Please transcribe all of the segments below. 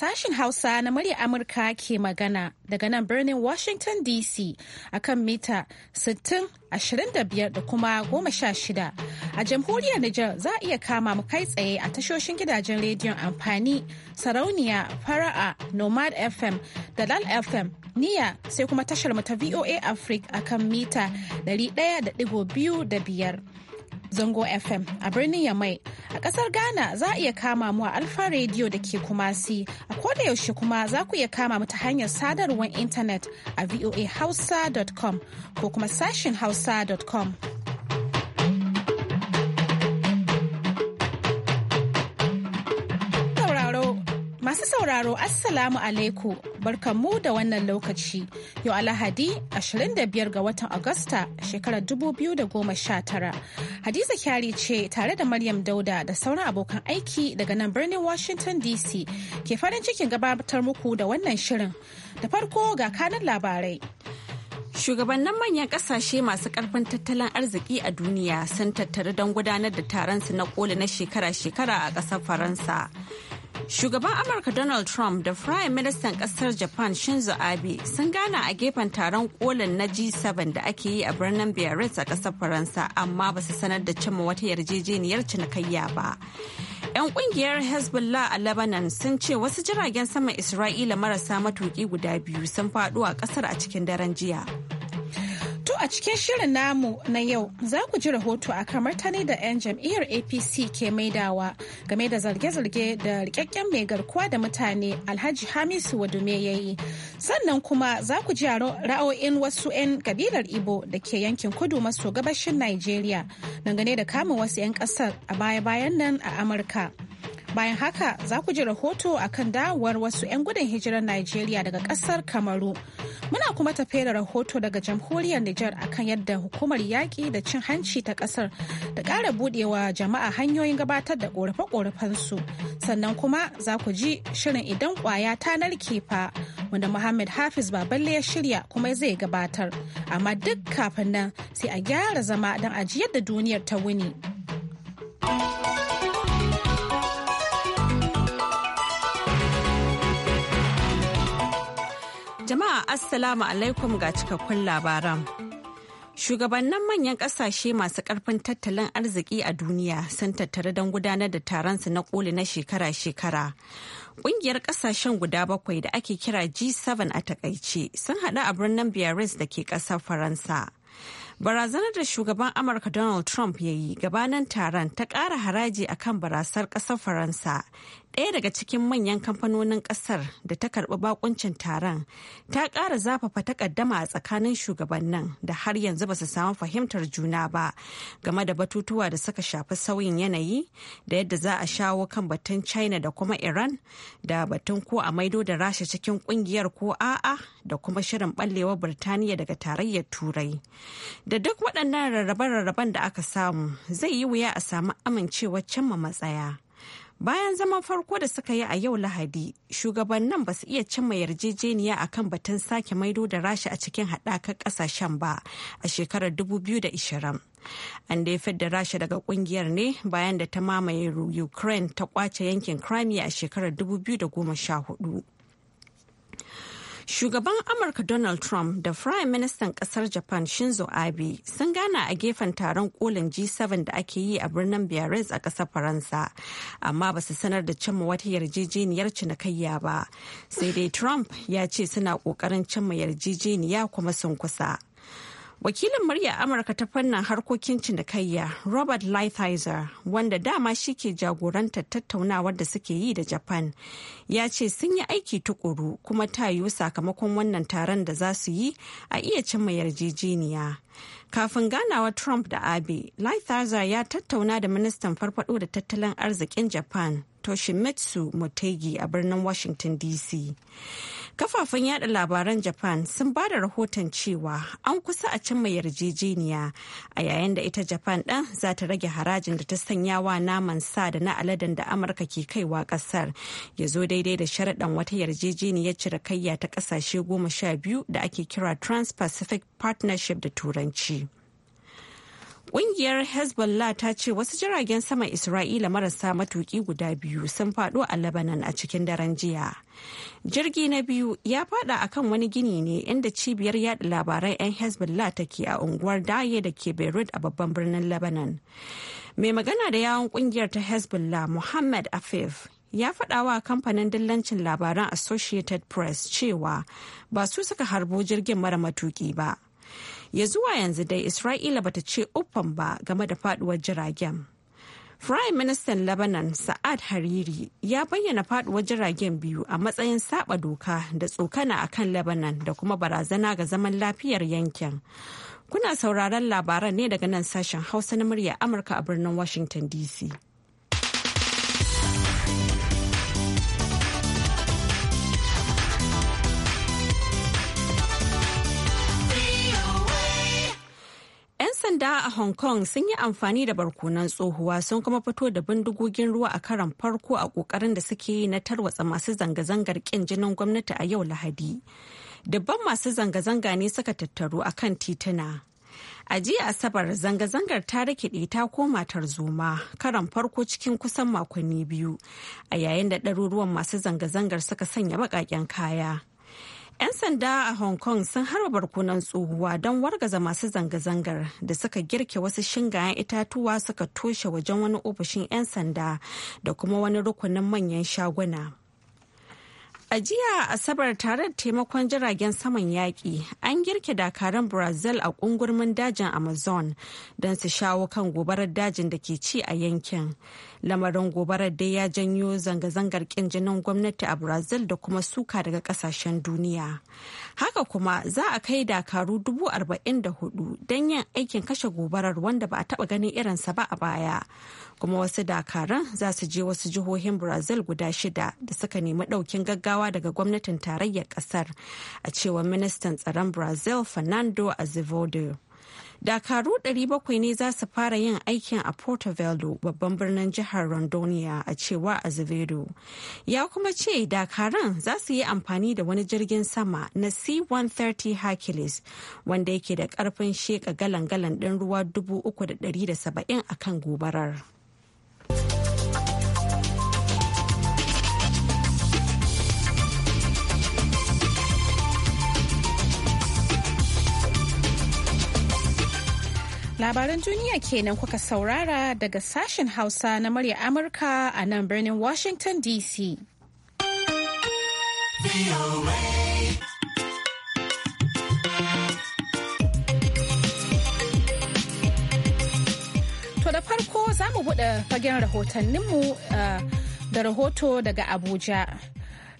Sashen Hausa na murya Amurka ke magana daga nan birnin Washington DC akan mita 625 da kuma 16. A jamhuriyar Nijar za a iya kama mu kai tsaye a tashoshin gidajen rediyon amfani sarauniya fara'a nomad FM da lal FM niya sai kuma tashar mu ta VOA Africa akan mita 100.5. zango FM a birnin Yamai. A ƙasar Ghana za a iya kama mu a Alfa Radio da ke Kumasi. A koda yaushe kuma za ku iya kama mu ta hanyar sadarwar intanet a voahausa.com ko kuma sashin hausa.com. Masu sauraro Assalamu alaikum barkanmu da wannan lokaci yau Alhadi 25 ga watan Agusta shekarar 2019. Hadiza kyari ce tare da Maryam Dauda da sauran abokan aiki daga nan birnin Washington DC ke farin cikin gabatar muku da wannan shirin. Da farko ga kanan labarai. Shugabannin manyan kasashe masu karfin tattalin arziki a duniya sun tattaru don gudanar da taron su na koli na shekara-shekara a ƙasar Faransa. Shugaban Amurka Donald Trump da Prime Ministan kasar Japan Shinzo Abe sun gana a gefen taron kolin na G7 da ake yi a birnin Biarritz a kasar Faransa amma ba su sanar da cimma wata yarjejeniyar cinikayya ba. 'Yan kungiyar Hezbollah a Lebanon sun ce wasu jiragen saman Isra'ila marasa matuki guda biyu sun faɗo a kasar a cikin daren jiya. To a cikin shirin namu na yau za ku ji rahoto a kan martani da 'yan jam'iyyar APC ke maidawa game da zarge-zarge da rikakken mai garkuwa da mutane Alhaji Hamisu Wadume ya yi. Sannan kuma za ku ji ra'o'in wasu 'yan kabilar Ibo da ke yankin kudu maso gabashin Najeriya dangane da kama wasu 'yan ƙasar a baya-bayan nan a Amurka. Bayan haka za ku ji rahoto akan dawowar wasu 'yan gudun hijirar Najeriya daga ƙasar Kamaru. Muna kuma tafe da rahoto daga jamhuriyar Nijar akan yadda hukumar yaƙi da cin hanci ta ƙasar da ƙara buɗewa jama'a hanyoyin gabatar da ƙorafe-ƙorafensu. Sannan kuma za ku ji shirin idan ƙwaya ta narke fa wanda Muhammad Hafiz Baballe ya shirya kuma zai gabatar. Amma duk kafin nan sai a gyara zama don ajiyar da duniyar ta wuni. Jama'a Assalamu alaikum ga cikakkun labaran. Shugabannin manyan kasashe masu karfin tattalin arziki a duniya sun tattara don gudanar da taron su na koli na shekara-shekara. Ƙungiyar ƙasashen guda bakwai da ake kira G7 a takaice sun haɗu a birnin Biarritz da ke ƙasar Faransa. Barazanar da shugaban Amurka Donald Trump ya yi gabanin taron ta ƙara haraji akan barasar ƙasar Faransa ɗaya daga cikin manyan kamfanonin ƙasar da ta karɓi bakuncin taron ta ƙara zafafa takaddama a tsakanin shugabannin da har yanzu ba su samu fahimtar juna ba game da batutuwa da suka shafi sauyin yanayi da yadda za a shawo kan batun china da kuma iran da batun ko a maido da rasha cikin ƙungiyar ko a'a da kuma shirin ɓallewar birtaniya daga tarayyar turai da duk waɗannan rarrabe-rarraben da aka samu zai yi wuya a samu amincewar cimma matsaya. bayan zaman farko da suka yi a yau lahadi shugabannin ba su iya cimma yarjejeniya a kan batun sake maido da rasha a cikin haɗakar ƙasashen ba a shekarar 2020 an da da rasha daga kungiyar ne bayan da ta mamaye ukraine ta kwace yankin crimea a shekarar 2014 Shugaban Amurka Donald Trump da Prime Ministan kasar Japan Shinzo Abe sun gana a gefen taron kolin G7 da ake yi a birnin Biarritz a ƙasar Faransa, amma ba su sanar da cimma wata yarjejeniyar cinikayya ba. Sai dai Trump ya ce suna ƙoƙarin cimma yarjejeniya kuma sun kusa. Wakilin murya Amurka ta fannin harkokin cinikayya Robert Lighthizer wanda dama shi ke jagorantar tattaunawar da suke yi da Japan ya ce sun yi aiki tukuru kuma ta yiwu sakamakon wannan taron da za su yi a iya cimma yarjejeniya. Kafin ganawa Trump da Abe, Lighthizer ya tattauna da ministan farfado da tattalin arzikin Japan Toshimitsu Motegi a birnin Washington DC. Kafafen yada labaran Japan sun ba da rahoton cewa an kusa a cimma yarjejeniya a yayin da ita Japan ɗan za ta rage harajin da ta sanya wa naman sa da na aladen da Amurka ke kaiwa ƙasar ya zo daidai da sharaɗan wata yarjejeniyar cirakayya ta ƙasashe goma sha biyu da ake kira Trans-Pacific Partnership da Turanci. Ƙungiyar Hezbollah ta ce wasu jiragen sama Isra'ila marasa matuƙi guda biyu sun faɗo a Lebanon a cikin daren jiya. Jirgi na biyu ya faɗa akan wani gini ne inda cibiyar yada labarai 'yan Hezbollah take a unguwar Daye da ke Beirut a babban birnin Lebanon. Mai magana da yawon ƙungiyar ta Hezbollah Muhammad Afif ya faɗa wa kamfanin dillancin labaran Associated Press cewa ba su suka harbo jirgin mara matuƙi ba. ya zuwa yanzu dai isra'ila bata ce uffan ba game da faduwar jiragen Prime Minister Lebanon Sa'ad Hariri ya bayyana faduwar jiragen biyu a matsayin saba doka da tsokana a kan Lebanon da kuma barazana ga zaman lafiyar yankin. Kuna sauraron labaran ne daga nan sashen Hausa na murya Amurka a birnin Washington DC. waɗanda a Hong Kong sun yi amfani da barkunan tsohuwa sun kuma fito da bindigogin ruwa a karan farko a ƙoƙarin da suke yi na tarwatsa masu zanga-zangar ƙin jinin gwamnati a yau Lahadi. Dubban masu zanga-zanga ne suka tattaru a kan tituna. A jiya Asabar zanga-zangar ta rikide ta koma tarzoma karan farko cikin kusan makonni biyu a yayin da ɗaruruwan masu zanga-zangar suka sanya baƙaƙen kaya. 'Yan sanda a Hong Kong sun harba barkunan tsohuwa don wargaza masu zanga-zangar da suka girke wasu shingayen itatuwa suka toshe wajen wani ofishin 'yan sanda da kuma wani rukunin manyan shaguna. A jiya Asabar tare da taimakon jiragen saman yaƙi an girke dakaran Brazil a ƙungurmin dajin Amazon don su shawo kan gobarar dajin da ke ci a yankin. Lamarin gobarar dai ya janyo zanga-zangar ƙin jinin gwamnati a Brazil da kuma suka daga ƙasashen duniya. Haka kuma za a kai dakaru dubu arba'in da hudu don yin aikin kashe gobarar wanda ba a taɓa ganin irinsa ba a baya. kuma wasu dakaran za su je wasu jihohin brazil guda shida da suka nemi daukin gaggawa daga gwamnatin tarayyar kasar a cewa ministan tsaron brazil fernando azevedo dakaru 700 ne za su fara yin aikin a porto velo babban birnin jihar rondonia a cewa azevedo ya kuma ce dakaran za su yi amfani da wani jirgin sama na c-130 hercules wanda yake da karfin sheka galan-galan ɗin ruwa 370 a kan gobarar. Labaran duniya kenan kuka saurara daga sashen Hausa na murya Amurka a nan birnin Washington DC. To da farko za mu buɗe fagen rahotanninmu eh, da rahoto daga Abuja.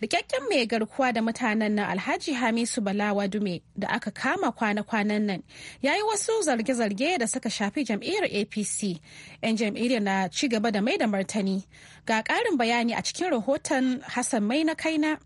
Rikakken mai garkuwa da mutanen nan Alhaji Hamisu Balawa Dume da aka kama kwana-kwanan nan ya yi wasu zarge-zarge da suka shafi jam'iyyar APC. 'Yan jam'iyyar na ci gaba da mai da martani. Ga ƙarin bayani a cikin rahoton Hassan Mai na kaina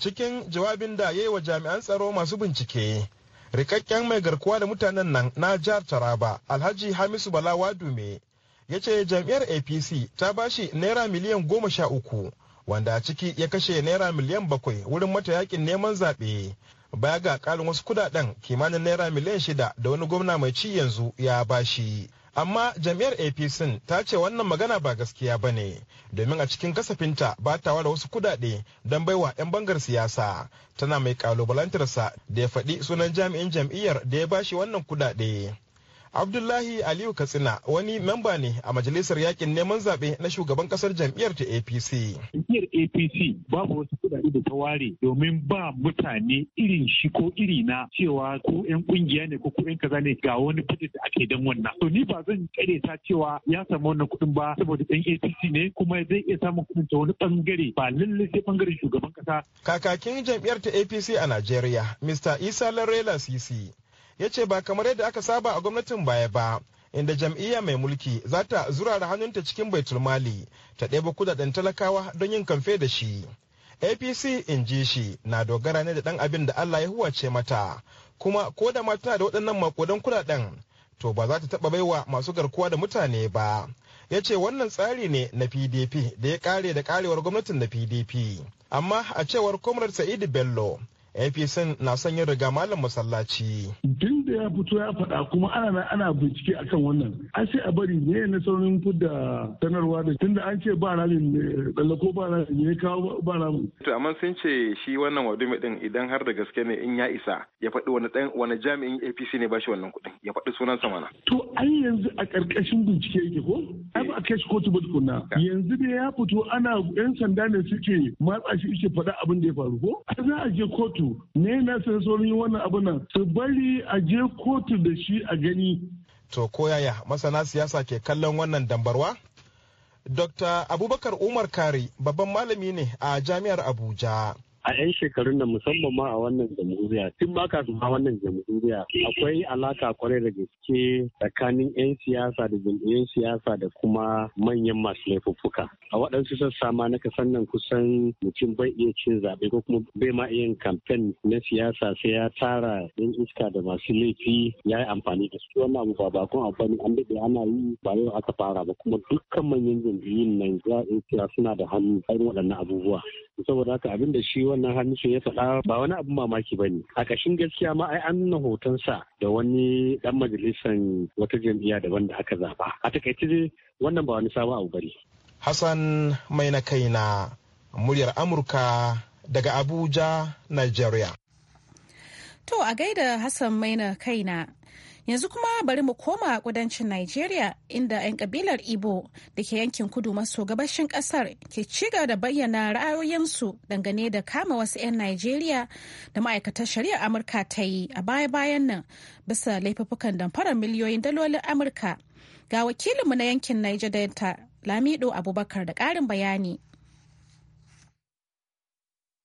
cikin jawabin da ya yi wa jami'an tsaro masu bincike rikakken mai garkuwa da mutanen nan na jihar taraba alhaji hamisu balawa Dume ya ce jam'iyyar apc ta bashi naira miliyan goma sha uku wanda a ciki ya kashe naira miliyan bakwai wurin mata yakin neman zaɓe baya ga ƙarin wasu kudaden kimanin naira miliyan shida da wani gwamna mai ci yanzu ya bashi. amma jam'iyyar apc ta ce wannan magana ba gaskiya ba ne domin a cikin kasafinta ba ta ware wasu kudade don baiwa 'yan bangar siyasa tana mai kalubalantarsa da ya faɗi sunan jami'in jam'iyyar da ya bashi wannan kudade Abdullahi Aliyu Katsina wani memba ne a majalisar yakin neman zaɓe na shugaban ƙasar jam'iyyar ta APC. Jam'iyyar APC babu wasu kuɗaɗe da ta ware domin ba mutane irin shi ko iri na cewa ko 'yan ƙungiya ne ko ko 'yan kaza ne ga wani kuɗi da ake dan wannan. To ni ba zan ta cewa ya samu wannan kuɗin ba saboda ɗan APC ne kuma zai iya samun kuɗin ta wani bangare ba lallai sai bangaren shugaban ƙasa. Kakakin jam'iyyar ta APC a Najeriya, Mr. Isa Larela Sisi. ya ce ba kamar yadda aka saba a gwamnatin baya ba inda jam'iyya mai mulki za ta zurara hannunta cikin baitul mali ta ɗeba kudaden talakawa don yin kamfe da shi apc in ji shi na dogara ne da ɗan abin da allah ya huwace mata kuma ko da mata da waɗannan makodan kudaden to ba za ta taɓa baiwa masu garkuwa da mutane ba ya ce wannan tsari ne na pdp da ya kare da ƙarewar gwamnatin da pdp amma a cewar comrade sa'idu bello APC na sanya yin riga malam masallaci. Tun da ya fito ya faɗa kuma ana ana bincike akan wannan. An sai a bari ne na saurin fidda sanarwa da tunda an ce ba ralin ko ba na ne kawo ba ralin. To amma sun ce shi wannan wadumi din idan har da gaske ne in ya isa ya faɗi wani ɗan wani jami'in APC ne ba shi wannan kuɗin ya faɗi sunan sa mana. To an yanzu a ƙarƙashin bincike yake ko? Ai ba a kai shi kotu ba tukunna. Yanzu da ya fito ana 'yan sanda ne suke matsa shi suke faɗa abin da ya faru ko? Ai za a je kotu kotu ne na sai sauran wannan abu nan su bari a je kotu da shi a gani to ko yaya masana siyasa ke kallon wannan dambarwa dr abubakar umar kari babban malami ne a jami'ar abuja a 'yan shekarun da musamman ma a wannan jamhuriya tun ba kafin zuwa wannan jamhuriya akwai alaka kwarai da gaske tsakanin 'yan siyasa da jam'iyyun siyasa da kuma manyan masu laifuffuka a waɗansu sassa ma na kasan nan kusan mutum bai iya cin zaɓe ko kuma bai ma iya kamfen na siyasa sai ya tara yan iska da masu laifi ya yi amfani da su wannan abu ba bakon amfani an daɗe ana yi ba yau aka fara ba kuma dukkan manyan jam'iyyun nan za a suna da hannu irin waɗannan abubuwa saboda haka abin da shi wannan hannunsu ya faɗa ba wani abin mamaki ba ne a ƙashin gaskiya ma ai an nuna hotonsa da wani ɗan majalisan wata jam'iyya daban da aka zaba a takaice dai wannan ba wani sabon abu bari hassan mai na kaina muryar amurka daga abuja nigeria to a gaida hassan maina kaina Yanzu kuma bari mu koma kudancin Najeriya inda 'yan kabilar ibo da ke yankin kudu maso gabashin kasar ke ciga da bayyana ra'ayoyinsu dangane da kama wasu 'yan Najeriya da ma'aikatar shari'ar Amurka ta yi a baya-bayan nan bisa laifuffukan damfarar miliyoyin dalolin Amurka. Ga wakilinmu na yankin Niger Delta Lamido Abubakar da ƙarin bayani.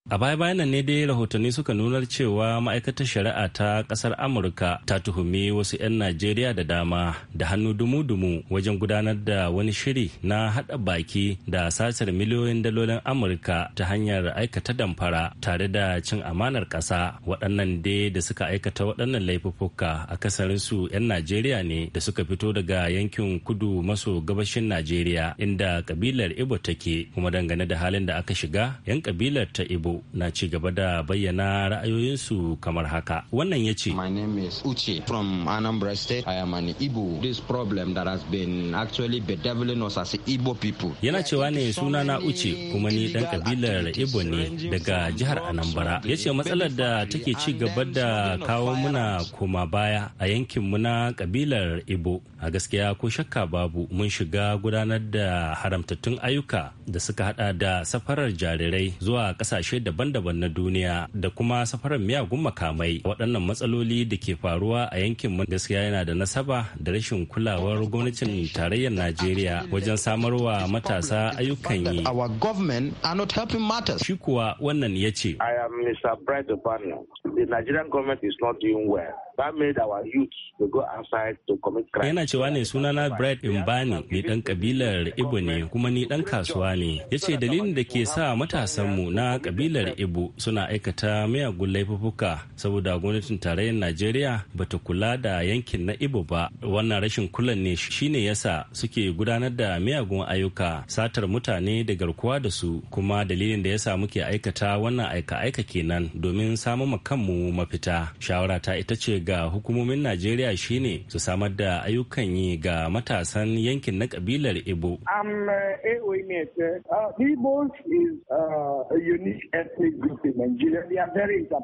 A baya-bayan ne dai rahotanni suka nunar cewa ma'aikatar shari'a ta kasar Amurka ta tuhumi wasu 'yan Najeriya da dama da hannu dumu-dumu wajen gudanar da wani shiri na haɗa baki da sasar miliyoyin dalolin Amurka ta hanyar aikata damfara tare da cin amanar ƙasa. Waɗannan dai da suka aikata waɗannan laifuffuka a kasarinsu 'yan Najeriya ne da suka fito daga yankin kudu maso gabashin Najeriya inda kabilar Ibo take kuma dangane da halin da aka shiga 'yan kabilar ta Ibo na ci gaba da bayyana ra'ayoyinsu kamar haka. Wannan ya ce. My name is Uche from Anambra State. I am an Igbo. This problem that has been actually bedeviling us as Igbo people. Yana cewa ne suna na Uche kuma ni dan kabilar Igbo ne daga jihar Anambra. Ya ce matsalar da take ci gaba da kawo muna koma baya a yankin mu na kabilar Igbo. A gaskiya ko shakka babu mun shiga gudanar da haramtattun ayyuka da suka hada da safarar jarirai zuwa kasashe da daban-daban na duniya da kuma safarar miyagun makamai waɗannan matsaloli da ke faruwa a yankin mu gaskiya yana da nasaba da rashin kulawar gwamnatin tarayyar najeriya wajen samarwa matasa ayyukan yi shi kuwa wannan ya ce Mr. Um, Bright Obano, the Nigerian government is not doing well. That made our youth to go outside to commit crime. Yana cewa ne sunana Bright Mbani ne dan kabilar Ibo ne kuma ni dan kasuwa ne. Ya ce dalilin da ke sa matasan mu na kabilar Ibo suna aikata miyagun laifuka saboda gwamnatin tarayyar Najeriya bata kula da yankin na Ibo ba. Wannan rashin kulan ne shine yasa suke gudanar da miyagun ayyuka, satar mutane da garkuwa da su kuma dalilin da yasa muke aikata wannan aika-aika haka kenan domin samun kanmu mafita shawara ta ita ce ga hukumomin najeriya shine su samar da ayyukan yi ga matasan yankin na kabilar ibo uh, e uh,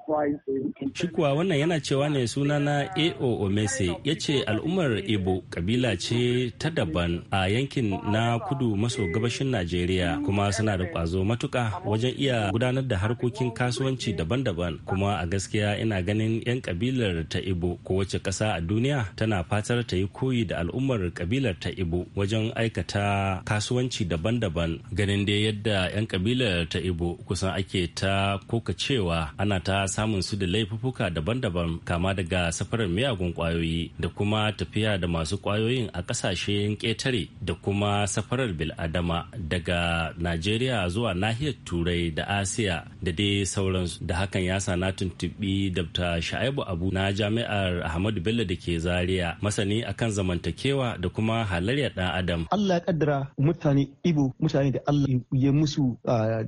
uh, shi wannan yana cewa ne suna na ao omese ya ce al'ummar ibo kabila ce ta daban a yankin na kudu maso gabashin najeriya kuma suna da ƙwazo matuka wajen iya gudanar da harkokin kaso. kasuwanci daban-daban kuma a gaskiya ina ganin 'yan kabilar ta ibo kowace ƙasa a duniya tana fatar ta yi koyi da al'ummar kabilar ta ibo wajen aikata kasuwanci daban-daban ganin dai yadda 'yan kabilar ta ibo kusan ake ta koka cewa ana ta samun su da laifuffuka daban-daban kama daga safarar miyagun kwayoyi da kuma tafiya da masu kwayoyin a ƙasashen ƙetare da kuma safarar biladama daga najeriya zuwa nahiyar turai da asiya da dai sauran sauransu da hakan ya sa na tuntuɓi dr sha'ibu abu na jami'ar ahmadu bello da ke zaria masani akan zamantakewa da kuma halayyar dan adam allah ya kaddara mutane ibo mutane da allah ya musu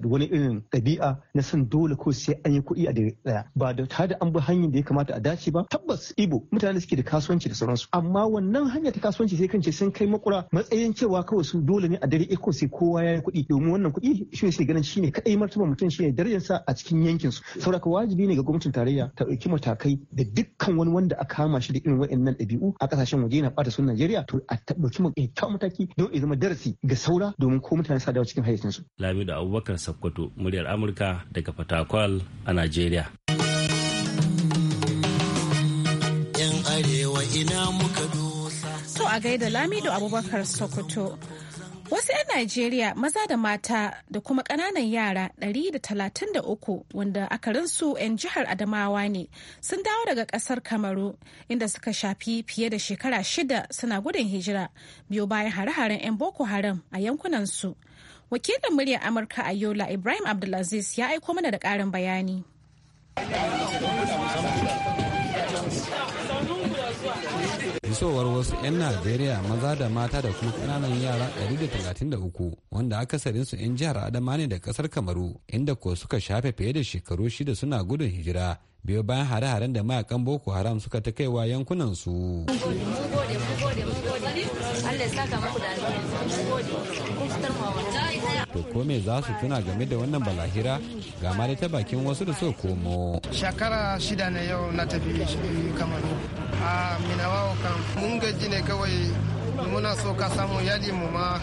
wani irin ɗabi'a na san dole ko sai an yi kuɗi a dare ɗaya ba da ta da an bi hanyar da ya kamata a dace ba tabbas ibo mutane suke da kasuwanci da sauransu amma wannan hanya ta kasuwanci sai kan ce sun kai makura matsayin cewa kawai su dole ne a dare iko sai kowa ya yi kuɗi domin wannan kuɗi shi ne ganin shi ne kaɗai martaba mutum shi ne darajarsa a cikin yanki yankin su saboda wajibi ne ga gwamnatin tarayya ta ɗauki matakai da dukkan wani wanda aka kama shi da irin wa'annan ɗabi'u a ƙasashen waje na ɓata sun Najeriya to a ɗauki kyakkyawan mataki don ya zama darasi ga saura domin ko mutane sa dawo cikin hayyacin su Lamido Abubakar Sakkwato muryar Amurka daga Fatakwal a Najeriya Yan arewa ina muka dosa To a gaida Lamido Abubakar Sokoto Wasu 'yan Najeriya maza da mata da kuma ƙananan yara 133 wanda rinsu 'yan jihar Adamawa ne sun dawo daga ƙasar Kamaru inda suka shafi fiye da shekara shida suna gudun hijira biyo bayan hare-haren 'yan Boko Haram a yankunansu. Wakilin muryar Amurka a Yola Ibrahim Abdulaziz ya aiko mana da ƙarin bayani. isowar wasu 'yan najeriya maza da mata da kuma ƙananan yara 133 wanda su 'yan jihar adama ne da ƙasar kamaru inda ko suka shafe fiye da shekaru shida suna gudun hijira biyo bayan hare-haren da mayakan boko haram suka ta kaiwa yankunansu. su. to ko me za su tuna game da wannan balahira ga ma ta bakin wasu da suka komo shekara shida ne yau na tafi kamar a minawa kan mun gaji ne kawai muna so ka samu yadi mu ma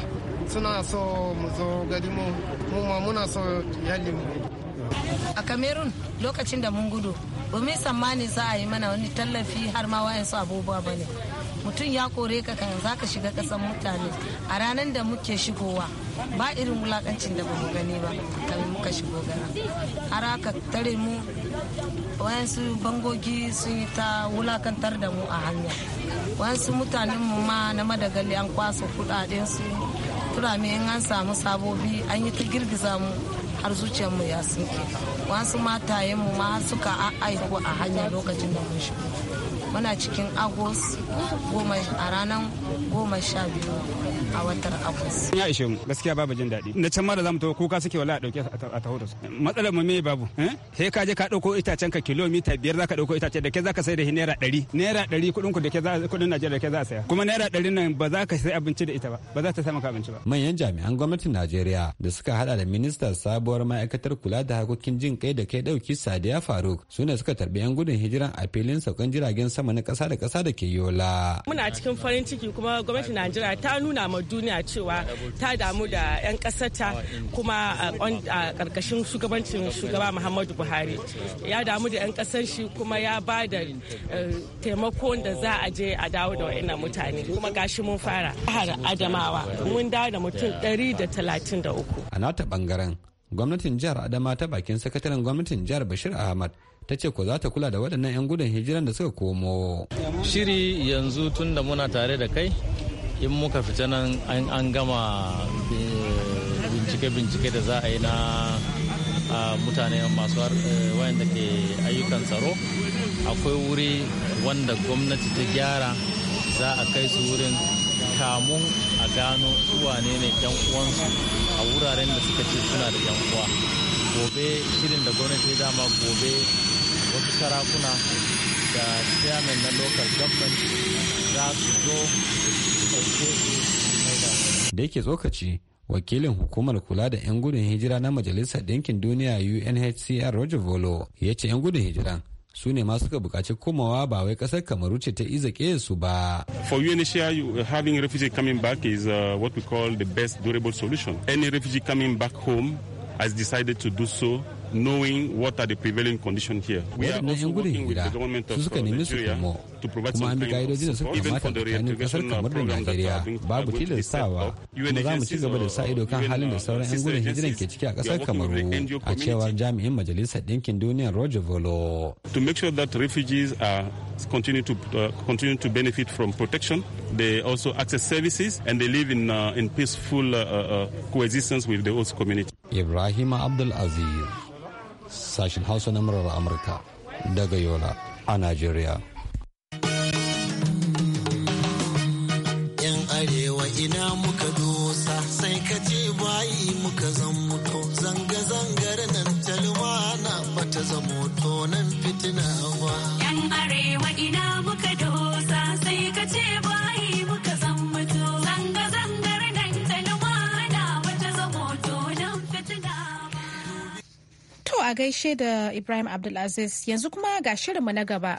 suna so mu zo gari mu mu ma muna so yadi mu a cameroon lokacin da mun gudu domin tsammani za a yi mana wani tallafi har ma wayansu abubuwa ba ne mutum ya kore ka kan za ka shiga kasan mutane a ranar da muke shigowa ba irin wulakancin da ba mu gani ba kamar muka shigo gara har aka tare mu wayansu bangogi sun yi ta wulakantar da mu a hanya wayansu mutanen mu ma na madagali an kwasa kudaden su turame in an samu sabobi an yi ta girgiza mu har zuciyar mu ya sunke wasu mu ma suka aiko a hanya lokacin da mun shigo muna cikin agos a ranar goma sha biyu a watan agos ya ishe mu gaskiya babu jin daɗi da can ma da zamu tawo kuka suke wala a dauke a taho da su matsalar mu me babu eh? he ka je ka ɗauko itacen ka kilomita biyar zaka ɗauko itace da ke zaka sai da naira ɗari naira ɗari kuɗin ku da ke kuɗin Najeriya da ke za a saya kuma naira ɗari nan ba za ka sai abinci da ita ba ba za ta sai maka abinci ba manyan jami'an gwamnatin Najeriya da suka hada da ministan sabuwar ma'aikatar kula da harkokin jin kai da kai ɗauki Sadiya Faruk su ne suka tarbi yan gudun hijira a filin saukan jiragen sama sama na kasa da kasa da ke yola muna cikin farin ciki kuma gwamnati najeriya ta nuna ma duniya cewa ta damu da 'yan kasarta kuma a karkashin shugabancin shugaba muhammadu buhari ya damu da 'yan kasar shi kuma ya ba da eh, taimako da za a je a dawo da wa'ina mutane kuma gashi mun fara Har adamawa mun dawo da mutum 133 a nata bangaren gwamnatin jihar adama ta bakin sakataren gwamnatin jihar bashir ahmad ta ce ko za ta kula da waɗannan 'yan gudun hijiran da suka komo. Shiri yanzu tun da muna tare da kai in muka fita nan an gama eh, bincike-bincike da za a yi na mutane masu eh, wayanda ke ayyukan tsaro akwai wuri wanda gwamnati ta gyara za a kai su wurin kamun a gano wane ne yan uwansu a wuraren da suka ce suna da yan uwa gobe shirin da gwamnati dama gobe sarakuna da chairman na local government za su zo a da yake tsokaci wakilin hukumar kula da 'yan gudun hijira na majalisar ɗinkin duniya unhcr roger volo ya ce 'yan gudun hijiran su ne ma suka bukaci komawa ba wai kasar kamaru ce ta iza su ba. For UNHCR, uh, having refugee coming back is uh, what we call the best durable solution. Any refugee coming back home has decided to do so knowing what are the prevailing conditions here. We are also working with the government of Nigeria to provide some kind of support even for the reintegration programs that are been babu tilastawa kuma za mu ci gaba halin da sauran 'yan gudun hijiran ke ciki a kasar kamaru a cewar jami'in majalisar ɗinkin duniya roger volo to make sure that refugees are continue to uh, continue to benefit from protection they also access services and they live in uh, in peaceful uh, coexistence with the host community ibrahim abdul aziz sashen hausa na murar amurka daga yola a najeriya yan arewa ina muka dosa sai ka ce bayi muka zan mutu zanga-zangar nan talma na bata zamo tonan fitina ba yan arewa ina muka dosa sai ka ce bayi muka zan mutu a gaishe da Ibrahim Abdulaziz yanzu kuma ga shirinmu na gaba.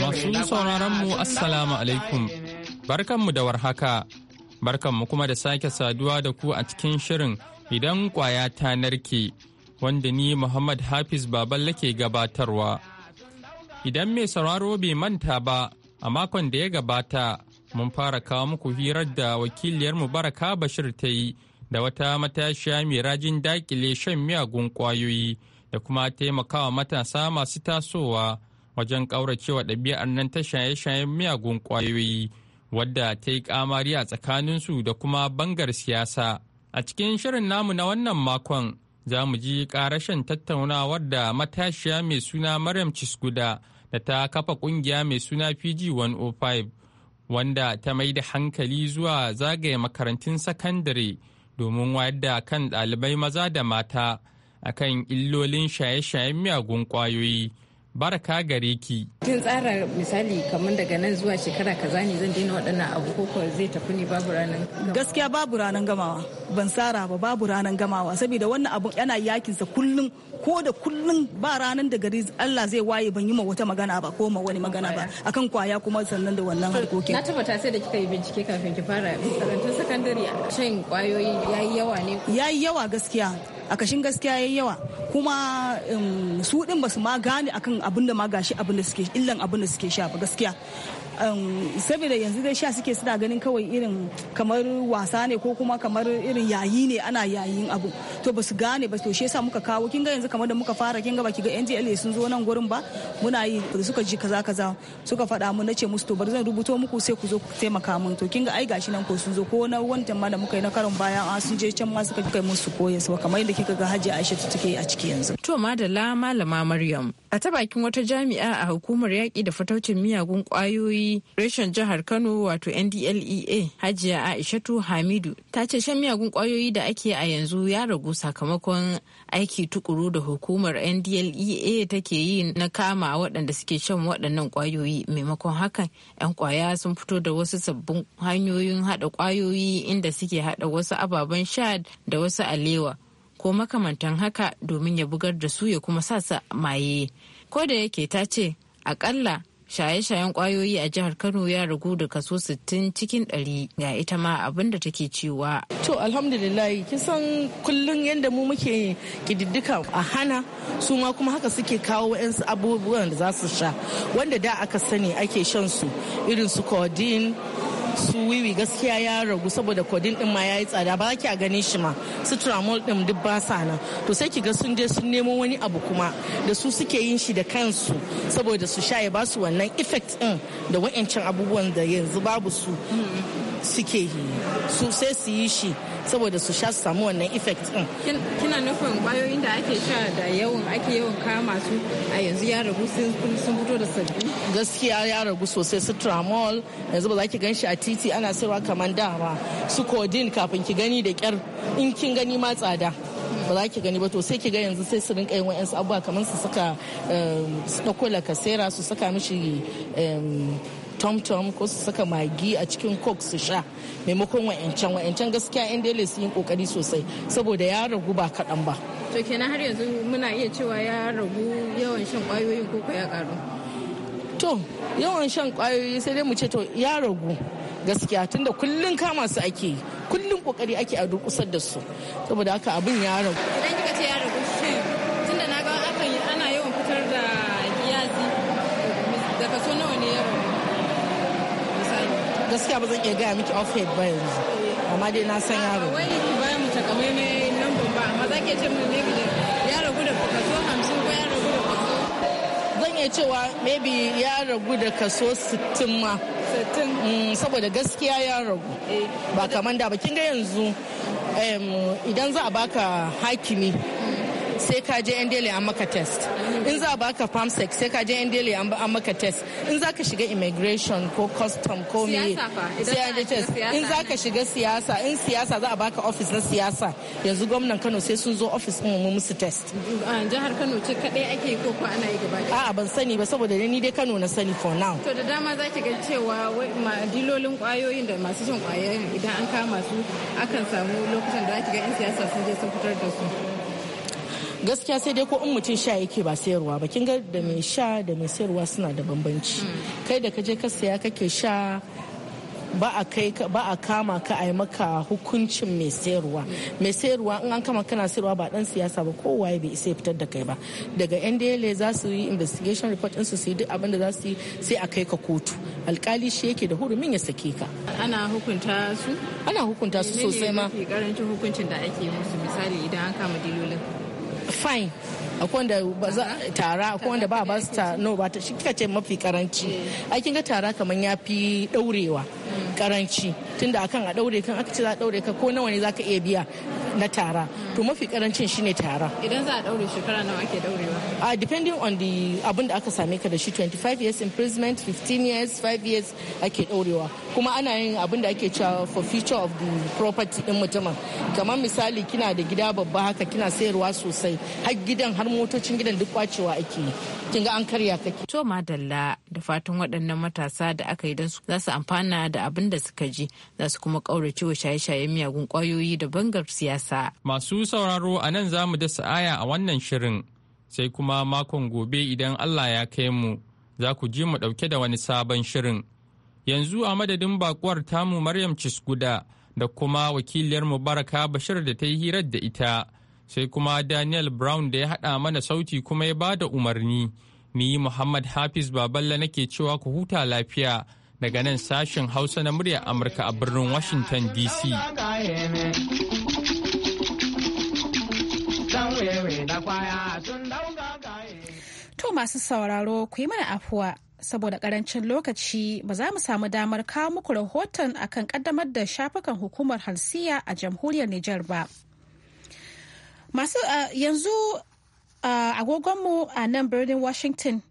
masu sauraron mu sauraronmu Assalamu alaikum, barkanmu da warhaka, barkanmu kuma da sake saduwa da ku a cikin shirin idan kwaya ta narke, wanda ni Muhammad Hafiz Baballe ke gabatarwa. Idan mai sauraro bai manta ba, a makon da ya gabata mun fara kawo muku hirar da wakiliyar baraka bashir ta yi da wata matashiya mai rajin dakile shan miyagun kwayoyi da kuma taimakawa matasa masu tasowa wajen ƙauracewa ɗabi'ar nan ta shaye-shayen miyagun kwayoyi wadda ta yi kamari a tsakaninsu da kuma bangar siyasa a cikin shirin namu na wannan makon za mu ji ƙarashin tattaunawar da matashiya mai suna maryam cisguda da ta kafa kungiya mai suna PG105 wanda ta mai da hankali zuwa zagaye makarantun sakandare domin wayar da kan ɗalibai maza da mata akan illolin shaye-shayen miyagun ƙwayoyi baraka gare ki. Kin tsara misali kamar daga nan zuwa shekara kaza ne zan daina waɗannan abu ko zai tafi ni babu ranar Gaskiya babu ranar gamawa ban tsara ba babu ranar gamawa saboda wannan abun yana yakin sa kullum ko da kullum ba ranar da gari Allah zai waye ban yi ma wata magana ba ko ma wani magana ba akan kwaya kuma sannan da wannan harkokin. Na tabbata sai da kika yi bincike kafin ki fara makarantun sakandare shan kwayoyi yayi yawa ne. Yayi yawa gaskiya a kashin gaskiya yayi yawa kuma um, su din basu ma gane akan abin da ma gashi abin da suke illan abin da suke sha ba gaskiya um, saboda yanzu dai sha suke suna ganin kawai irin kamar wasa ne ko kuma kamar irin yayi ne ana yayin abu to ba su gane ba to shi yasa muka kawo kinga yanzu kamar da muka fara kinga baki ga NGL sun zo nan gurin ba muna yi suka ji kaza kaza suka faɗa mu nace musu to bari zan rubuto muku sai ku zo ku taimaka min to kinga ai gashi nan ko sun zo ko na wancan ma da muka yi na karon baya sun je can ma suka kai musu koyarwa kamar yadda kika ga Hajji Aisha take a ciki ciki yanzu. To malama Maryam. A ta bakin wata jami'a a hukumar yaƙi da fataucin miyagun ƙwayoyi reshen jihar Kano wato NDLEA Hajiya Aishatu Hamidu ta ce shan miyagun ƙwayoyi da ake a yanzu ya ragu sakamakon aiki tukuru da hukumar NDLEA take yi na kama waɗanda suke shan waɗannan ƙwayoyi maimakon hakan 'yan ƙwaya sun fito da wasu sabbin hanyoyin haɗa ƙwayoyi inda suke haɗa wasu ababen sha da wasu alewa ko makamantan haka domin ya bugar da su ya kuma sa sa maye ko da yake ta ce akalla shaye-shayen kwayoyi a jihar kano ya ragu da kaso 60 cikin 100 ga ita ma abin da take cewa to alhamdulillah san kullum yadda mu muke kididdika a hana su ma kuma haka suke kawo wa'yansu abubuwan da za su sha wanda da aka sani ake shan su irin su codeine su wiwi gaskiya ya ragu saboda kodin din ma ya yi tsada ba ki a ganin shi ma su tramol din duk ba sa nan to sai ki ga sun je sun nemo wani abu kuma da su suke yin shi da kansu saboda su sha ya ba su wannan effect din da wa'ancan abubuwan da yanzu babu su suke yi su sai su yi shi saboda su sha samu wannan effect din kina nufin kwayoyin da ake sha da yawan ake yawan kama su a yanzu ya ragu sun fito da sabbi gaskiya ya ragu sosai su tramol yanzu ba za ki ganshi a titi ana sayarwa kaman da ba su codeine kafin ki gani da kyar in kin gani ma tsada ba za ki gani ba to sai ki ga yanzu sai su rinka yin wa'ansu abubuwa kamar su saka eh, su ɗauko lakasera su saka mishi eh, tom-tom ko su saka magi a cikin coke su sha maimakon wa'ancan wa'ancan gaskiya yan dele su yi kokari sosai saboda ya ragu ba kaɗan ba to kenan har yanzu muna iya cewa ya ragu yawan shan kwayoyin koko ya karu to yawan shan kwayoyi sai dai mu ce to ya ragu gaskiya tunda kullum kama su ake yi kullum kokari ake a durkusar da su saboda haka abin ya ragu idan kika ce gaskiya ba zan iya gaya miki off head ba yanzu amma dai na san yaro wai ki bayan mu ne nan ba amma zaki ce mu ne ya ragu da kaso 50 ko ya ragu da kaso zan iya cewa maybe ya ragu da kaso sittin ma mm, saboda gaskiya ya ragu eh. ba kamar da ba kin ga yanzu idan za a baka hakimi sai ka je yan dele an maka test in za ba ka farm sex sai ka je yan dele an maka test in za ka shiga immigration ko custom ko me sai an je test in za ka shiga siyasa in siyasa za a baka office na siyasa yanzu gwamnan Kano sai sun zo office din mu musu test jihar Kano ce kadai ake ko ko ana yi gaba a'a ban sani ba saboda ni dai Kano na sani for now to da dama za ki ga cewa dilolin kwayoyin da masu shan kwayoyin idan an kama su akan samu lokacin da ake ga 'yan siyasa sun je sun fitar da su gaskiya sai dai ko in mutum sha yake ba sayarwa ba kin ga da mai sha da mai sayarwa suna da bambanci hmm. kai da kaje ka saya kake sha ba a kai ba a kama ka a maka hukuncin mai sayarwa hmm. mai sayarwa in an kama kana sayarwa ba dan siyasa ba waye bai isa fitar da kai ba daga yan za su yi investigation report din su su duk abin da za su yi sai a kai ka kotu alkali shi yake da hurumin ya sake ka ana hukunta su ana hukunta su sosai ma karancin hukuncin da ake musu misali idan an kama dilolin fine akwai wanda ba za tara akwai wanda ba ba su ta no ba ta shi kika ce mafi karanci ai kin ga tara kaman yafi daurewa mm. karanci tunda akan a daure kan aka ce za a daure ka ko nawa ne za ka iya biya na tara to mafi karancin shine tara idan za a daure shekara nawa ake daurewa a ah, depending on the abin da aka same ka da shi 25 years imprisonment 15 years 5 years ake daurewa kuma ana yin abin da ake cewa for future of the property din mutumin kamar misali kina da gida babba haka kina sayarwa sosai har gidan har motocin gidan duk kwacewa ake yi kin ga an karya kake to madalla da fatan waɗannan matasa da aka yi don su za su amfana da abin abin da suka ji za su kuma ƙaurace wa shaye-shayen miyagun ƙwayoyi da bangar siyasa. Masu sauraro a nan za mu da sa'aya a wannan shirin sai kuma makon gobe idan Allah ya kai mu za ku ji mu ɗauke da wani sabon shirin. Yanzu a madadin bakuwar tamu Maryam Cisguda da kuma wakiliyar Mubaraka Bashir da ta yi hirar da ita sai kuma Daniel Brown da ya haɗa mana sauti kuma ya ba da umarni. Ni Muhammad Hafiz Baballa nake cewa ku huta lafiya. daga nan sashen Hausa na murya Amurka a birnin Washington DC. To masu sauraro ku yi mana afuwa saboda karancin lokaci ba za mu samu damar kawo muku rahoton akan kaddamar da shafukan hukumar halsiya a jamhuriyar Nijar ba. Masu eh, yanzu eh, agogonmu a nan birnin Washington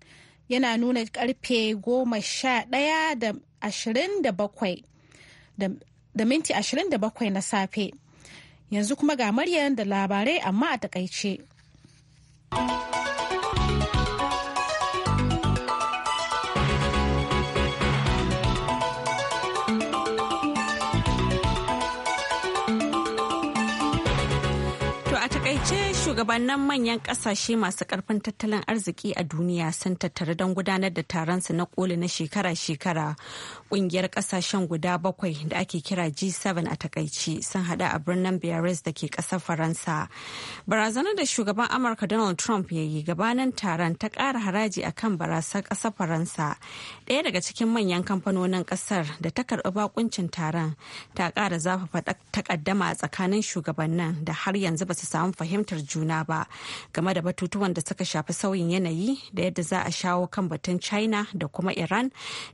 yana nuna karfe goma sha ɗaya da minti ashirin da bakwai na safe yanzu kuma ga maryam da labarai amma a takaice. Shugabannin manyan kasashe masu karfin tattalin arziki a duniya sun tattara don gudanar da taron su na koli na shekara-shekara. Kungiyar kasashen guda bakwai da ake kira G7 a takaici sun hada a birnin Biarritz da ke kasar Faransa. Barazanar da shugaban Amurka Donald Trump ya yi gabanin taron ta kara haraji a kan barasar kasar Faransa. Ɗaya daga cikin manyan kamfanonin kasar da ta karɓi bakuncin taron ta kara zafafa takaddama a tsakanin shugabannin da har yanzu ba su samu fahimtar juna juna ba game da batutuwan da suka shafi sauyin yanayi da yadda za a shawo kan batun china da kuma iran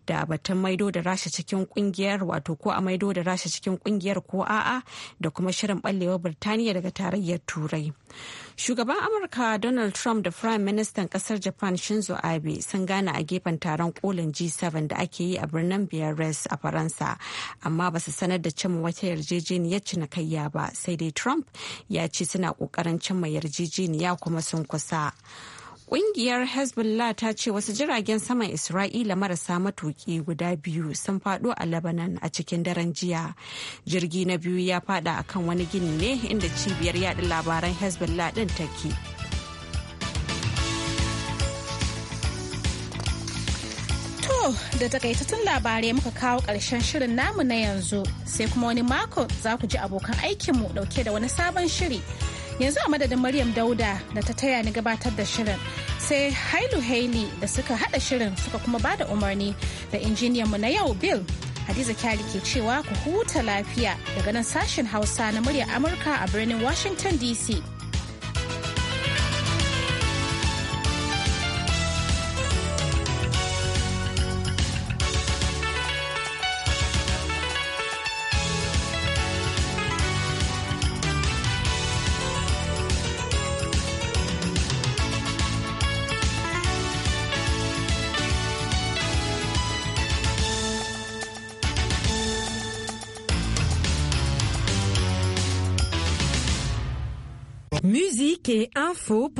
da batun maido da rasha cikin kungiyar wato ko a maido da rasha cikin kungiyar ko a'a da kuma shirin ɓallewar birtaniya daga tarayyar turai Shugaban Amurka Donald Trump da Prime Minister kasar Japan Shinzo Abe sun gane a gefen taron kolin G7 da ake yi a birnin Biarritz a Faransa, amma ba su sanar da cimma wata yarjejeniyar cinikayya ba, sai dai Trump ya ce suna kokarin cimma yarjejeniya kuma sun kusa. Ƙungiyar Hezbollah ta ce wasu jiragen saman Isra'ila marasa matuki guda biyu sun faɗo a Lebanon a cikin daren jiya. Jirgi na biyu ya faɗa a kan wani gini ne inda cibiyar yaɗa labaran Hezbollah ɗin take. To, da takaitattun labarai muka kawo ƙarshen shirin namu na yanzu, sai kuma wani mako za ku ji abokan aikinmu ɗauke da wani sabon shiri. yanzu a madadin maryam dauda da ta taya ni gabatar da shirin sai hailu haili da suka hada shirin suka kuma bada umarni da injiniyanmu na yau bill hadiza kyari ke cewa ku huta lafiya daga nan sashen hausa na muryar amurka a birnin washington dc info pour